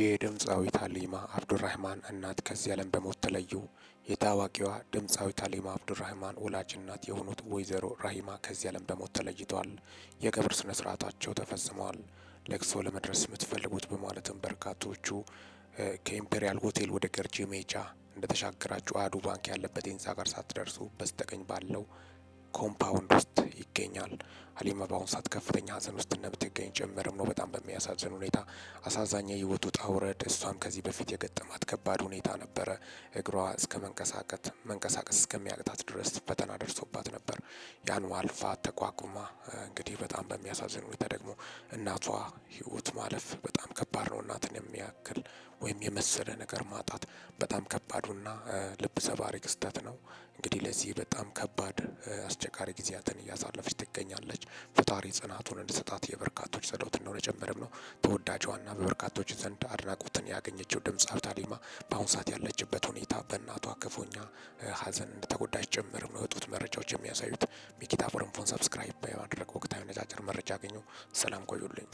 የድምፃዊት ሀሊማ አብዱራህማን እናት ከዚህ ዓለም በሞት ተለዩ። የታዋቂዋ ድምፃዊት ሀሊማ አብዱራህማን ወላጅ እናት የሆኑት ወይዘሮ ራሂማ ከዚህ ዓለም በሞት ተለይተዋል። የቀብር ስነ ስርዓታቸው ተፈጽመዋል። ለቅሶ ለመድረስ የምትፈልጉት በማለትም በርካቶቹ ከኢምፔሪያል ሆቴል ወደ ገርጂ ሜጃ እንደተሻገራችሁ አዱ ባንክ ያለበት ህንፃ ጋር ሳትደርሱ በስተቀኝ ባለው ኮምፓውንድ ውስጥ ይገኛል። ሀሊማ በአሁኑ ሰዓት ከፍተኛ ሀዘን ውስጥ እንደምትገኝ ጭምርም ነው። በጣም በሚያሳዝን ሁኔታ አሳዛኝ የህይወት ውጣ ውረድ፣ እሷም ከዚህ በፊት የገጠማት ከባድ ሁኔታ ነበረ። እግሯ እስከ መንቀሳቀት መንቀሳቀስ እስከሚያቅታት ድረስ ፈተና ደርሶባት ነበር። ያን አልፋ ተቋቁማ እንግዲህ በጣም በሚያሳዝን ሁኔታ ደግሞ እናቷ ህይወት ማለፍ በጣም ከባድ ነው። እናትን የሚያክል ወይም የመሰለ ነገር ማጣት በጣም ከባዱና ልብ ሰባሪ ክስተት ነው። እንግዲህ ለዚህ በጣም ከባድ አስቸጋሪ ጊዜያትን እያሳለፈች ትገኛለች። ፈጣሪ ጽናቱን እንድሰጣት የበርካቶች ጸሎት እንደሆነ ጨምርም ነው። ተወዳጇና በበርካቶች ዘንድ አድናቆትን ያገኘችው ድምጻዊት ሃሊማ በአሁኑ ሰዓት ያለችበት ሁኔታ በእናቷ ክፉኛ ሀዘን እንደተጎዳች ጭምርም ነው የወጡት መረጃዎች የሚያሳዩት። ሚኪታ ፎረንፎን ሰብስክራይብ በማድረግ ወቅታዊ ነጫጭር መረጃ አገኘው። ሰላም ቆዩልኝ።